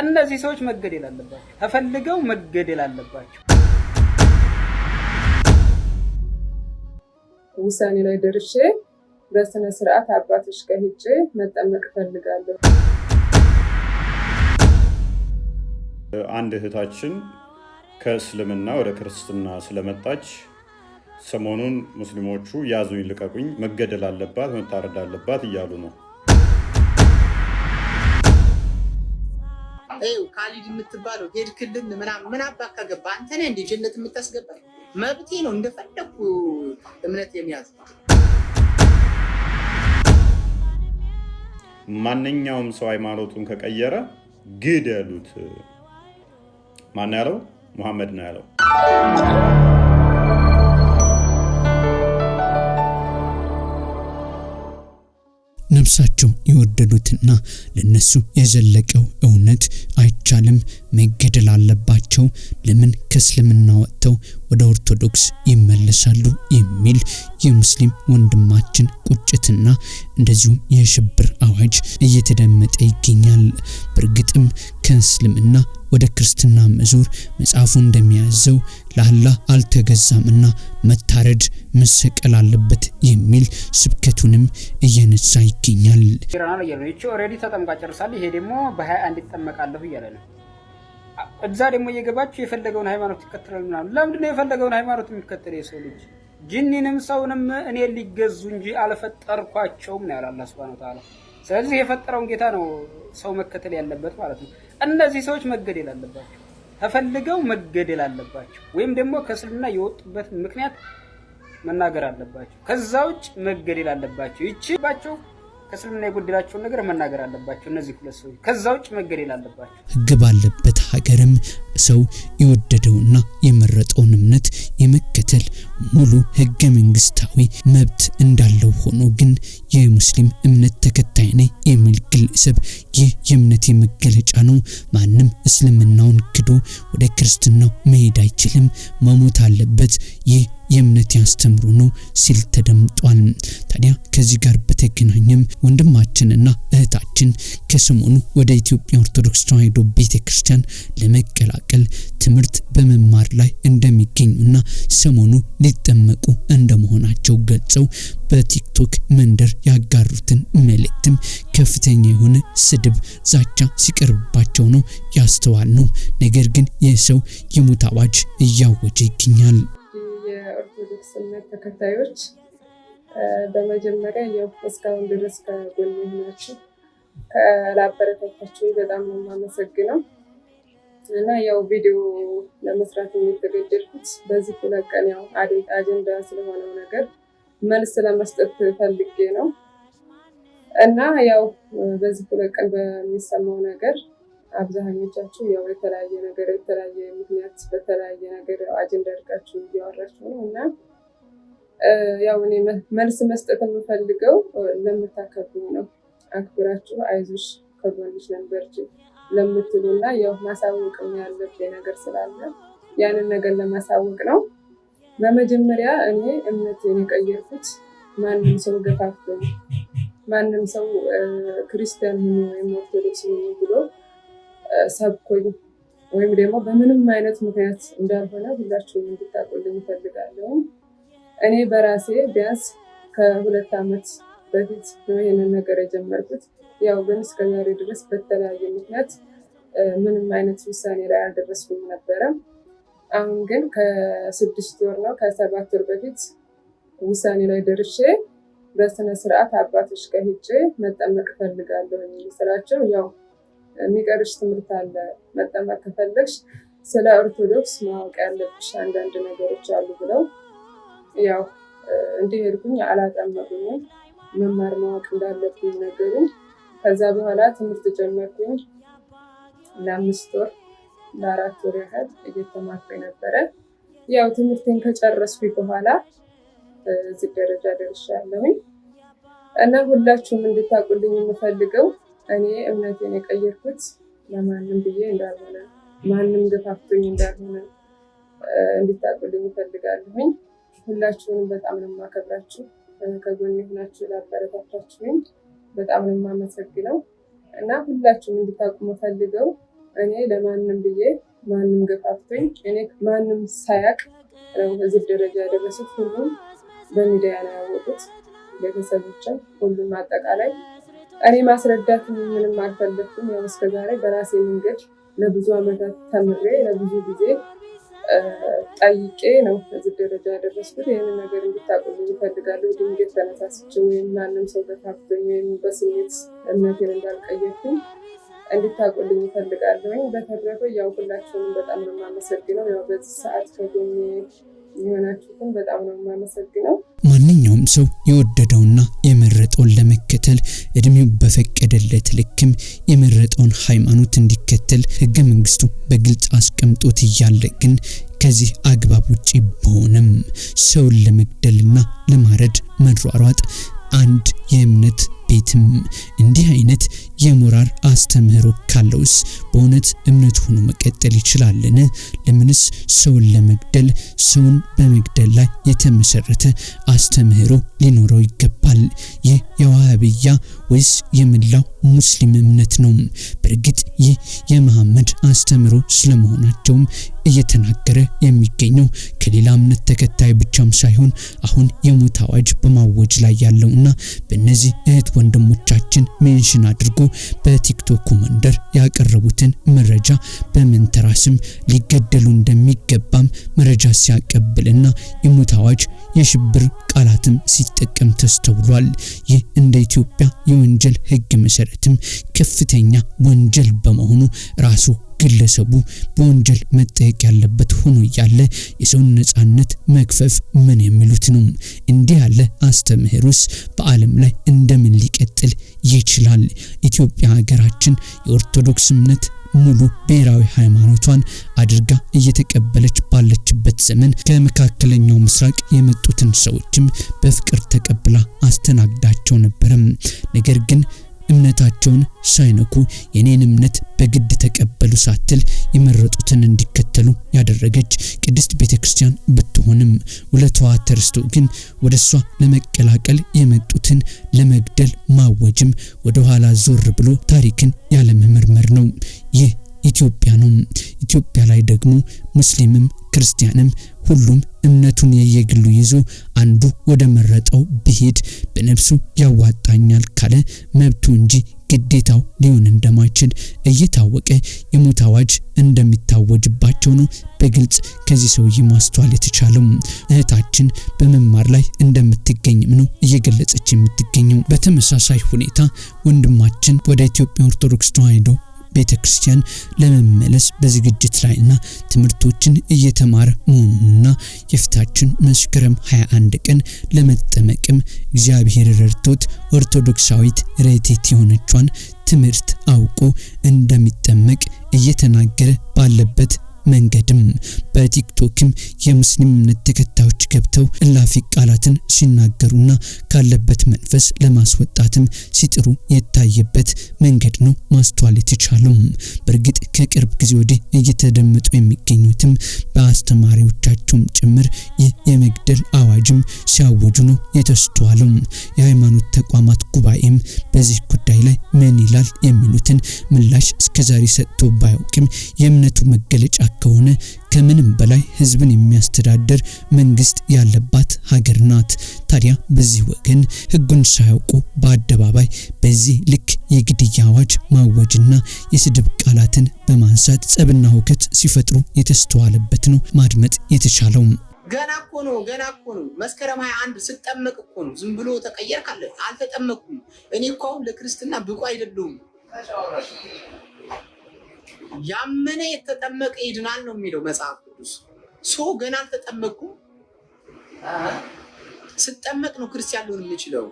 እነዚህ ሰዎች መገደል አለባቸው፣ ተፈልገው መገደል አለባቸው። ውሳኔ ላይ ደርሼ በስነ ስርዓት አባቶች ጋር ሄጄ መጠመቅ እፈልጋለሁ። አንድ እህታችን ከእስልምና ወደ ክርስትና ስለመጣች ሰሞኑን ሙስሊሞቹ ያዙኝ ልቀቁኝ፣ መገደል አለባት፣ መታረድ አለባት እያሉ ነው። ካሊድ የምትባለው ሄድክልን ምናምን ምን አባ ካገባ አንተ ነህ እንደ ጀነት የምታስገባል? መብቴ ነው እንደፈለግኩ እምነት የሚያዝ ማንኛውም ሰው ሃይማኖቱን ከቀየረ ግደሉት። ማን ያለው? ሙሐመድ ነው ያለው። ነፍሳቸው የወደዱትና ለነሱ የዘለቀው እውነት አይቻልም፣ መገደል አለባቸው። ለምን ከእስልምና ወጥተው ወደ ኦርቶዶክስ ይመለሳሉ የሚል የሙስሊም ወንድማችን ቁጭትና እንደዚሁም የሽብር አዋጅ እየተደመጠ ይገኛል። በእርግጥም ከእስልምና ወደ ክርስትና መዞር መጽሐፉ እንደሚያዘው ለአላህ አልተገዛምና መታረድ መሰቀል አለበት የሚል ስብከቱንም እየነሳ ይገኛል። ራና ነው እያለ ኦልሬዲ ተጠምቃ ጨርሳል። ይሄ ደግሞ በሀያ አንድ ይጠመቃለሁ እያለ ነው እዛ ደግሞ እየገባችሁ የፈለገውን ሃይማኖት ይከተላል ምናምን። ለምንድን ነው የፈለገውን ሃይማኖት የሚከተል የሰው ልጅ? ጅኒንም ሰውንም እኔ ሊገዙ እንጂ አልፈጠርኳቸውም ነው ያለ አላህ ሱብሃነሁ ወተዓላ። ስለዚህ የፈጠረውን ጌታ ነው ሰው መከተል ያለበት ማለት ነው። እነዚህ ሰዎች መገደል አለባቸው፣ ተፈልገው መገደል አለባቸው፣ ወይም ደግሞ ከእስልምና የወጡበት ምክንያት መናገር አለባቸው። ከዛ ውጭ መገደል አለባቸው። ይቺ ባቸው ከእስልምና የጎደላቸውን ነገር መናገር አለባቸው። እነዚህ ሁለት ሰዎች ከዛ ውጭ መገደል አለባቸው። ህግ ባለበት ሀገርም ሰው የወደደውና የመረጠውን እምነት የመከተል ሙሉ ህገ መንግስታዊ መብት እንዳለው ሆኖ ግን የሙስሊም እምነት ተከታይ ነኝ የሚል ግለሰብ ይህ የእምነት መገለጫ ነው፣ ማንም እስልምናውን ክዶ ወደ ክርስትናው መሄድ አይችልም፣ መሞት አለበት፣ ይህ የእምነት ያስተምሩ ነው ሲል ተደምጧል። ታዲያ ከዚህ ጋር በተገናኘም ወንድማችንና እህታችን ከሰሞኑ ወደ ኢትዮጵያ ኦርቶዶክስ ተዋሕዶ ቤተ ክርስቲያን ለመቀላቀል ትምህርት በመማር ላይ እንደሚገኙና ሰሞኑ ሊጠመቁ እንደመሆናቸው ገልጸው በቲክቶክ መንደር ያጋሩትን መልእክትም ከፍተኛ የሆነ ስድብ፣ ዛቻ ሲቀርብባቸው ነው ያስተዋል ነው። ነገር ግን ይህ ሰው የሞት አዋጅ እያወጀ ይገኛል። እምነት ተከታዮች በመጀመሪያ ያው እስካሁን ድረስ ከጎን ናችሁ ከላበረታታችሁ በጣም ነው የማመሰግነው። እና ያው ቪዲዮ ለመስራት የተገደድኩት በዚህ ሁለት ቀን ያው አጀንዳ ስለሆነው ነገር መልስ ለመስጠት ፈልጌ ነው። እና ያው በዚህ ሁለት ቀን በሚሰማው ነገር አብዛኞቻችሁ ያው የተለያየ ነገር የተለያየ ምክንያት በተለያየ ነገር አጀንዳ አድርጋችሁ እያወራችሁ ነው እና ያው እኔ መልስ መስጠት የምፈልገው ለምታከብሩ ነው። አክብራችሁ አይዞሽ ከጎንሽ ነበርች ለምትሉ እና ያው ማሳወቅ ያለብኝ ነገር ስላለ ያንን ነገር ለማሳወቅ ነው። በመጀመሪያ እኔ እምነቴን የቀየርኩት ማንም ሰው ገፋፍቶ ማንም ሰው ክርስቲያን ሆኖ ወይም ኦርቶዶክስ ሆኖ ብሎ ሰብኮኝ ወይም ደግሞ በምንም አይነት ምክንያት እንዳልሆነ ሁላችሁም እንድታቆልኝ እፈልጋለሁ። እኔ በራሴ ቢያንስ ከሁለት ዓመት በፊት ነው ይሄንን ነገር የጀመርኩት። ያው ግን እስከዛሬ ድረስ በተለያየ ምክንያት ምንም አይነት ውሳኔ ላይ አልደረስኩም ነበረም። አሁን ግን ከስድስት ወር ነው ከሰባት ወር በፊት ውሳኔ ላይ ደርሼ በስነ ስርዓት አባቶች ከሄጄ መጠመቅ እፈልጋለሁ ስላቸው፣ ያው የሚቀርሽ ትምህርት አለ መጠመቅ ከፈለግሽ ስለ ኦርቶዶክስ ማወቅ ያለብሽ አንዳንድ ነገሮች አሉ ብለው ያው እንደሄድኩኝ አላጠመቁኝም። መማር ማወቅ እንዳለብኝ ነገሩኝ። ከዛ በኋላ ትምህርት ጀመርኩኝ። ለአምስት ወር ለአራት ወር ያህል እየተማርኩ ነበረ። ያው ትምህርቴን ከጨረስኩኝ በኋላ እዚህ ደረጃ ደርሻለሁኝ እና ሁላችሁም እንድታውቁልኝ የምፈልገው እኔ እምነቴን የቀየርኩት ለማንም ብዬ እንዳልሆነ ማንም ገፋፍቶኝ እንዳልሆነ እንድታውቁልኝ እፈልጋለሁኝ። ሁላችሁንም በጣም ነው የማከብራችሁ። ከጎን የሆናችሁ ለአበረታታችሁኝ በጣም ነው የማመሰግነው እና ሁላችሁም እንድታቁሙ ፈልገው እኔ ለማንም ብዬ ማንም ገፋፍቶኝ እኔ ማንም ሳያቅ ነው እዚህ ደረጃ ያደረሱት። ሁሉም በሚዲያ ነው ያወቁት፣ ቤተሰቦችን ሁሉም አጠቃላይ እኔ ማስረዳት ምንም አልፈለግኩም። ያው እስከዛሬ በራሴ መንገድ ለብዙ ዓመታት ተምሬ ለብዙ ጊዜ ጠይቄ ነው ያደረስኩት ይህን ነገር እንድታቆልኝ እፈልጋለሁ። ድንገት ተነሳስች ወይም ማንም ሰው በታብቶኝ ወይም በስሜት እምነቴን እንዳልቀየርኩኝ እንድታቆልኝ እፈልጋለሁ። በተረፈ ያው ሁላችሁንም በጣም ነው የማመሰግነው። ያው በዚህ ሰዓት ከጎኝ የሆናችሁትን በጣም ነው የማመሰግነው። ማንኛውም ሰው የወደደውና የመረጠውን ለመከተል እድሜው በፈቀደለት ልክም የመረጠውን ሃይማኖት እንዲከተል ህገ መንግስቱ በግልጽ አስቀምጦት እያለ ግን ከዚህ አግባብ ውጪ በሆነም ሰውን ለመግደልና ለማረድ መሯሯጥ አንድ የእምነት ቤትም እንዲህ አይነት የሞራል አስተምህሮ ካለውስ በእውነት እምነት ሆኖ መቀጠል ይችላልን? ለምንስ ሰውን ለመግደል ሰውን በመግደል ላይ የተመሰረተ አስተምህሮ ሊኖረው ይገባል? ይህ የዋህብያ ወይስ የመላው ሙስሊም እምነት ነው? በእርግጥ ይህ የመሐመድ አስተምህሮ ስለመሆናቸውም እየተናገረ የሚገኘው ከሌላ እምነት ተከታይ ብቻም ሳይሆን አሁን የሞት አዋጅ በማወጅ ላይ ያለውና በእነዚህ እህት ወንድሞቻችን ሜንሽን አድርጎ በቲክቶክ መንደር ያቀረቡትን መረጃ በመንተራስም ሊገደሉ እንደሚገባም መረጃ ሲያቀብልና የሞት አዋጅ የሽብር ቃላትም ሲጠቀም ተስተውሏል። ይህ እንደ ኢትዮጵያ የወንጀል ሕግ መሰረትም ከፍተኛ ወንጀል በመሆኑ ራሱ ግለሰቡ በወንጀል መጠየቅ ያለበት ሆኖ እያለ የሰውን ነጻነት መክፈፍ ምን የሚሉት ነው? እንዲህ ያለ አስተምህሮስ በዓለም ላይ እንደምን ሊቀጥል ይችላል? ኢትዮጵያ ሀገራችን የኦርቶዶክስ እምነት ሙሉ ብሔራዊ ሃይማኖቷን አድርጋ እየተቀበለች ባለችበት ዘመን ከመካከለኛው ምስራቅ የመጡትን ሰዎችም በፍቅር ተቀብላ አስተናግዳቸው ነበረም። ነገር ግን እምነታቸውን ሳይነኩ የኔን እምነት በግድ ተቀበሉ ሳትል የመረጡትን እንዲከተሉ ያደረገች ቅድስት ቤተ ክርስቲያን ብትሆንም ውለታዋ ተርስቶ ግን ወደ እሷ ለመቀላቀል የመጡትን ለመግደል ማወጅም ወደ ኋላ ዞር ብሎ ታሪክን ያለመመርመር ነው። ይህ ኢትዮጵያ ነው። ኢትዮጵያ ላይ ደግሞ ሙስሊምም ክርስቲያንም ሁሉም እምነቱን የየግሉ ይዞ አንዱ ወደ መረጠው ብሄድ በነፍሱ ያዋጣኛል ካለ መብቱ እንጂ ግዴታው ሊሆን እንደማይችል እየታወቀ የሞት አዋጅ እንደሚታወጅባቸው ነው በግልጽ ከዚህ ሰውዬ ማስተዋል የተቻለው። እህታችን በመማር ላይ እንደምትገኝም ነው እየገለጸች የምትገኘው። በተመሳሳይ ሁኔታ ወንድማችን ወደ ኢትዮጵያ ኦርቶዶክስ ተዋሕዶ ቤተ ክርስቲያን ለመመለስ በዝግጅት ላይና ትምህርቶችን እየተማረ መሆኑንና የፊታችን መስከረም 21 ቀን ለመጠመቅም እግዚአብሔር ረድቶት ኦርቶዶክሳዊት ሬቴት የሆነቿን ትምህርት አውቆ እንደሚጠመቅ እየተናገረ ባለበት መንገድም በቲክቶክም የሙስሊም እምነት ተከታዮች ገብተው እላፊ ቃላትን ሲናገሩና ካለበት መንፈስ ለማስወጣትም ሲጥሩ የታየበት መንገድ ነው ማስተዋል የተቻለም። በእርግጥ ከቅርብ ጊዜ ወዲህ እየተደመጡ የሚገኙትም በአስተማሪዎቻቸውም ጭምር ይህ የመግደል አዋጅም ሲያወጁ ነው የተስተዋለው። የሃይማኖት ተቋማት ጉባኤም በዚህ ጉዳይ ላይ ምን ይላል የሚሉትን ምላሽ እስከዛሬ ሰጥቶ ባያውቅም የእምነቱ መገለጫ ከሆነ ከምንም በላይ ህዝብን የሚያስተዳድር መንግስት ያለባት ሀገር ናት። ታዲያ በዚህ ወገን ህጉን ሳያውቁ በአደባባይ በዚህ ልክ የግድያ አዋጅ ማወጅና የስድብ ቃላትን በማንሳት ጸብና ሁከት ሲፈጥሩ የተስተዋለበት ነው ማድመጥ የተቻለው። ገና እኮ ነው ገና እኮ ነው መስከረም ሀያ አንድ ስጠመቅ እኮ ነው። ዝም ብሎ ተቀየርክ አልተጠመቅኩም እኔ እኮ አሁን ለክርስትና ብቁ አይደለሁም። ያመነ የተጠመቀ ይድናል ነው የሚለው መጽሐፍ ቅዱስ። ሰው ገና አልተጠመቅኩም፣ ስጠመቅ ነው ክርስቲያን ሊሆን የምችለው።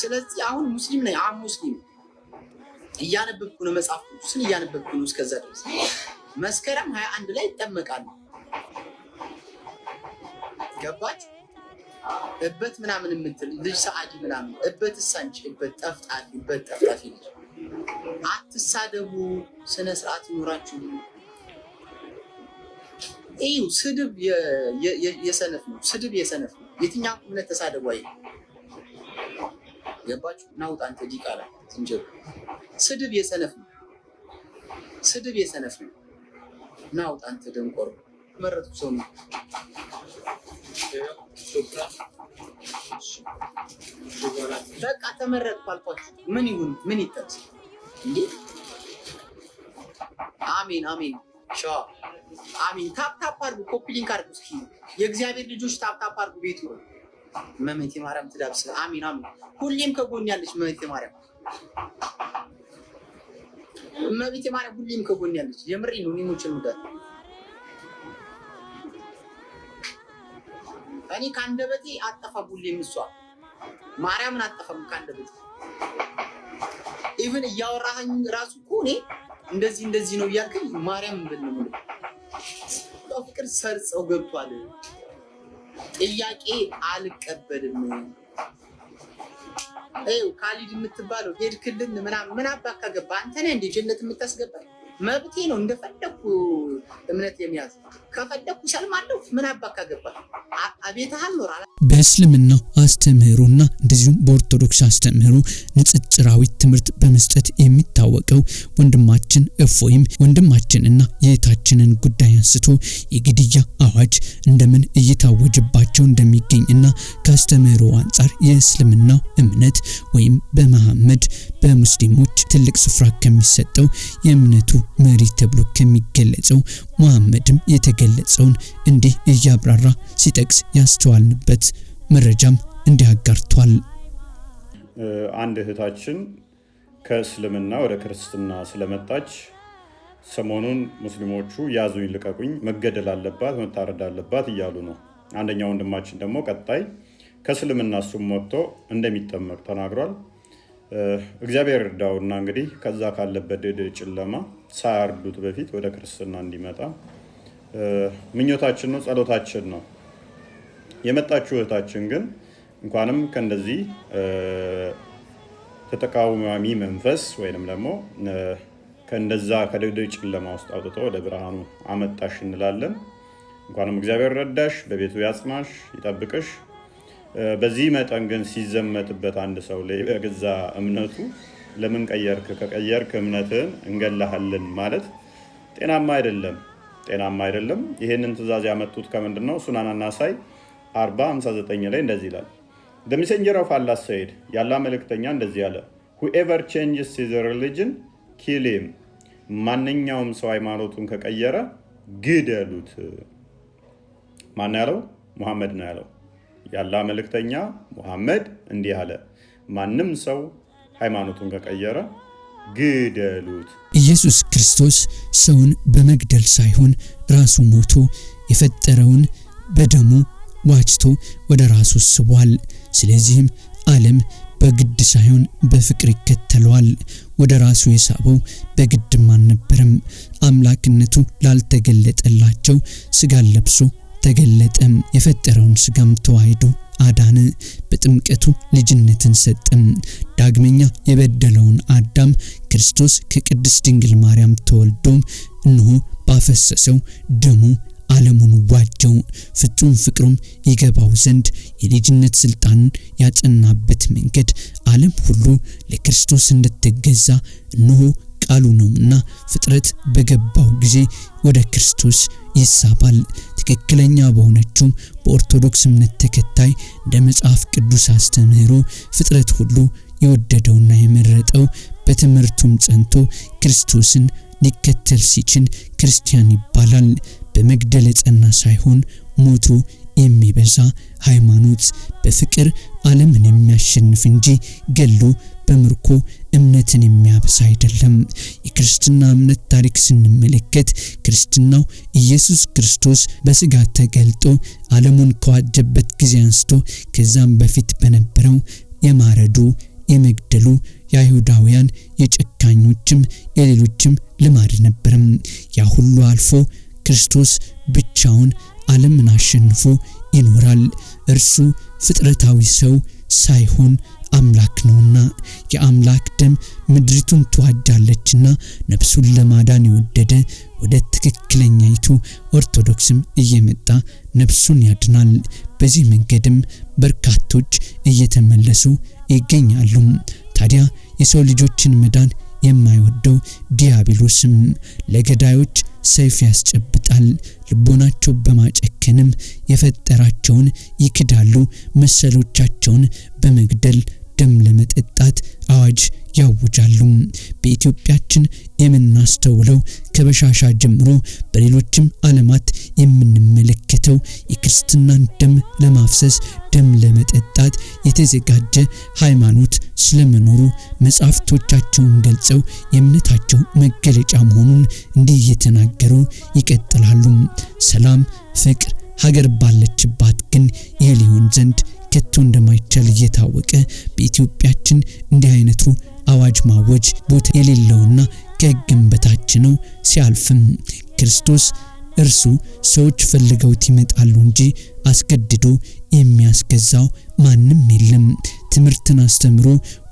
ስለዚህ አሁን ሙስሊም ነኝ፣ አሁን ሙስሊም እያነበብኩ ነው፣ መጽሐፍ ቅዱስን እያነበብኩ ነው። እስከዛ ድረስ መስከረም ሀያ አንድ ላይ ይጠመቃል። ገባች እበት ምናምን የምትል ልጅ ሰአጅ ምናምን እበት እሳንች እበት ጠፍጣፊ እበት ጠፍጣፊ ልጅ አትሳደቡ፣ ስነ ስርዓት ይኖራችሁ። ይሁ ስድብ የሰነፍ ነው። ስድብ የሰነፍ ነው። የትኛው እምነት ተሳደቡ። አይ ገባችሁ? ናውጣ አንተ ዲቃላ ዝንጀሮ። ስድብ የሰነፍ ነው። ስድብ የሰነፍ ነው። ናውጣ አንተ ደንቆሮ። መረጡ ሰው ነው በቃ ተመረጥኩ አልኳችሁ። ምን ይሁን ምን ይጠቅስ አሜን አሜን። ሸዋ አሜን። ታፕታፕ አድርጉ፣ ኮፒ ሊንክ አድርጉ። እስኪ የእግዚአብሔር ልጆች ታፕታፕ አድርጉ። ቤቱ መመቴ ማርያም ትዳብስ። አሜን አሜን። ሁሌም ከጎን ያለች መመቴ ማርያም እመቤቴ ማርያም ሁሌም ከጎን ያለች የምሪ ነው። ኒሞች ምዳት እኔ ከአንደበቴ አጠፋ ሁሌም እሷ ማርያምን አጠፋም ከአንደበቴ ኢቨን እያወራኸኝ ራሱ እኮ እኔ እንደዚህ እንደዚህ ነው እያልከኝ ማርያም ብል ፍቅር ሰርጸው ገብቷል። ጥያቄ አልቀበልም። ይኸው ካሊድ የምትባለው ሄድክልን ምናምን ምን አባካ ገባ። አንተ ነህ እንደ ጀነት የምታስገባል መብቴ ነው እንደፈለግኩ እምነት የሚያዝ ከፈለኩ ሰልማለሁ ምን አባካ በእስልምና አስተምህሮና እንደዚሁም በኦርቶዶክስ አስተምህሮ ንጽጽራዊ ትምህርት በመስጠት የሚታወቀው ወንድማችን እፎይም ወንድማችንና የእህታችንን ጉዳይ አንስቶ የግድያ አዋጅ እንደምን እየታወጀባቸው እንደሚገኝና ከአስተምህሮ አንጻር የእስልምና እምነት ወይም በመሐመድ በሙስሊሞች ትልቅ ስፍራ ከሚሰጠው የእምነቱ መሪ ተብሎ ከሚገለጸው መሐመድም የተገ የገለጸውን እንዲህ እያብራራ ሲጠቅስ ያስተዋልንበት መረጃም እንዲህ አጋርቷል። አንድ እህታችን ከእስልምና ወደ ክርስትና ስለመጣች ሰሞኑን ሙስሊሞቹ ያዙኝ ልቀቁኝ፣ መገደል አለባት፣ መታረድ አለባት እያሉ ነው። አንደኛ ወንድማችን ደግሞ ቀጣይ ከእስልምና እሱም ወጥቶ እንደሚጠመቅ ተናግሯል። እግዚአብሔር እርዳውና እንግዲህ ከዛ ካለበት ጨለማ ሳያርዱት በፊት ወደ ክርስትና እንዲመጣ ምኞታችን ነው፣ ጸሎታችን ነው። የመጣችሁ እህታችን ግን እንኳንም ከእንደዚህ ተቃዋሚ መንፈስ ወይንም ደግሞ ከእንደዛ ከድቅድቅ ጨለማ ውስጥ አውጥቶ ወደ ብርሃኑ አመጣሽ እንላለን። እንኳንም እግዚአብሔር ረዳሽ፣ በቤቱ ያጽናሽ፣ ይጠብቅሽ። በዚህ መጠን ግን ሲዘመትበት አንድ ሰው በገዛ እምነቱ ለምን ቀየርክ፣ ከቀየርክ እምነትህን እንገላሃልን ማለት ጤናማ አይደለም። ጤናማ አይደለም። ይህንን ትእዛዝ ያመጡት ከምንድን ነው? ሱናናና ሳይ 459 ላይ እንደዚህ ይላል ደ ሜሴንጀር ኦፍ አላ ሰይድ ያላ መልእክተኛ እንደዚህ አለ፣ ሁኤቨር ቼንጅስ ሂዝ ሪሊጅን ኪሊም፣ ማንኛውም ሰው ሃይማኖቱን ከቀየረ ግደሉት። ማን ያለው? ሙሐመድ ነው ያለው። ያላ መልእክተኛ ሙሐመድ እንዲህ አለ፣ ማንም ሰው ሃይማኖቱን ከቀየረ ግደሉት። ኢየሱስ ክርስቶስ ሰውን በመግደል ሳይሆን ራሱ ሞቶ የፈጠረውን በደሙ ዋጅቶ ወደ ራሱ ስቧል። ስለዚህም ዓለም በግድ ሳይሆን በፍቅር ይከተለዋል። ወደ ራሱ የሳበው በግድም አልነበረም። አምላክነቱ ላልተገለጠላቸው ስጋን ለብሶ ተገለጠም። የፈጠረውን ስጋም ተዋሂዶ አዳነ፣ በጥምቀቱ ልጅነትን ሰጠን። ዳግመኛ የበደለውን አዳም ክርስቶስ ከቅድስት ድንግል ማርያም ተወልዶም እንሆ ባፈሰሰው ደሙ ዓለሙን ዋጀው። ፍጹም ፍቅሩም ይገባው ዘንድ የልጅነት ስልጣንን ያጸናበት መንገድ ዓለም ሁሉ ለክርስቶስ እንድትገዛ እንሆ ቃሉ ነውና፣ ፍጥረት በገባው ጊዜ ወደ ክርስቶስ ይሳባል። ትክክለኛ በሆነችው በኦርቶዶክስ እምነት ተከታይ እንደ መጽሐፍ ቅዱስ አስተምህሮ ፍጥረት ሁሉ የወደደውና የመረጠው በትምህርቱም ጸንቶ ክርስቶስን ሊከተል ሲችል ክርስቲያን ይባላል። በመግደል የጸና ሳይሆን ሞቱ የሚበዛ ሃይማኖት በፍቅር ዓለምን የሚያሸንፍ እንጂ ገሎ በምርኮ እምነትን የሚያበሳ አይደለም። የክርስትና እምነት ታሪክ ስንመለከት ክርስትናው ኢየሱስ ክርስቶስ በስጋ ተገልጦ ዓለሙን ከዋጀበት ጊዜ አንስቶ ከዛም በፊት በነበረው የማረዱ፣ የመግደሉ፣ የአይሁዳውያን፣ የጨካኞችም የሌሎችም ልማድ ነበርም። ያ ሁሉ አልፎ ክርስቶስ ብቻውን ዓለምን አሸንፎ ይኖራል። እርሱ ፍጥረታዊ ሰው ሳይሆን አምላክ ነውና የአምላክ ደም ምድሪቱን ትዋጃለችና ነፍሱን ለማዳን የወደደ ወደ ትክክለኛይቱ ኦርቶዶክስም እየመጣ ነፍሱን ያድናል። በዚህ መንገድም በርካቶች እየተመለሱ ይገኛሉ። ታዲያ የሰው ልጆችን መዳን የማይወደው ዲያብሎስም ለገዳዮች ሰይፍ ያስጨብጣል። ልቦናቸው በማጨከንም የፈጠራቸውን ይክዳሉ፣ መሰሎቻቸውን በመግደል ደም ለመጠጣት አዋጅ ያውጃሉ። በኢትዮጵያችን የምናስተውለው ከበሻሻ ጀምሮ በሌሎችም ዓለማት የምንመለከተው የክርስትናን ደም ለማፍሰስ ደም ለመጠጣት የተዘጋጀ ሃይማኖት ስለመኖሩ መጽሐፍቶቻቸውን ገልጸው የእምነታቸው መገለጫ መሆኑን እንዲህ እየተናገሩ ይቀጥላሉ። ሰላም፣ ፍቅር ሀገር ባለችባት ግን ይህ ሊሆን ዘንድ ከቶ እንደማይቻል እየታወቀ በኢትዮጵያችን እንዲህ አይነቱ አዋጅ ማወጅ ቦታ የሌለውና ከሕግም በታች ነው። ሲያልፍም ክርስቶስ እርሱ ሰዎች ፈልገውት ይመጣሉ እንጂ አስገድዶ የሚያስገዛው ማንም የለም። ትምህርትን አስተምሮ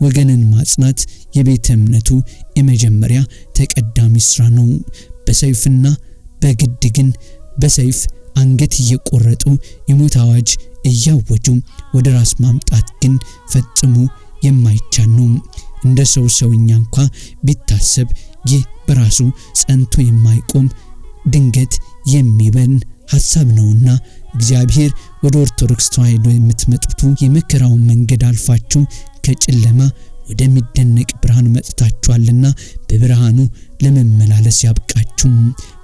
ወገንን ማጽናት የቤተ እምነቱ የመጀመሪያ ተቀዳሚ ስራ ነው። በሰይፍና በግድ ግን በሰይፍ አንገት እየቆረጡ የሞት አዋጅ እያወጁ ወደ ራስ ማምጣት ግን ፈጽሞ የማይቻል ነው። እንደ ሰው ሰውኛ እንኳ ቢታሰብ ይህ በራሱ ጸንቶ የማይቆም ድንገት የሚበን ሀሳብ ነውና እግዚአብሔር ወደ ኦርቶዶክስ ተዋሕዶ የምትመጡቱ የመከራውን መንገድ አልፋችሁ ከጨለማ ወደሚደነቅ ብርሃን መጥታችኋልና በብርሃኑ ለመመላለስ ያብቃችሁ።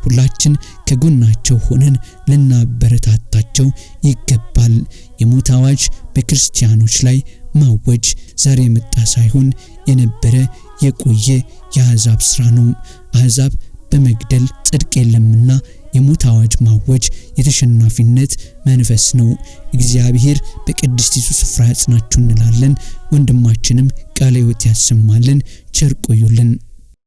ሁላችን ከጎናቸው ሆነን ልናበረታታቸው ይገባል። ሲባል የሞት አዋጅ በክርስቲያኖች ላይ ማወጅ ዛሬ የመጣ ሳይሆን የነበረ የቆየ የአሕዛብ ስራ ነው። አሕዛብ በመግደል ጽድቅ የለምና የሞት አዋጅ ማወጅ የተሸናፊነት መንፈስ ነው። እግዚአብሔር በቅድስቲቱ ስፍራ ያጽናችሁ እንላለን። ወንድማችንም ቃለ ሕይወት ያሰማልን። ቸር ቆዩልን።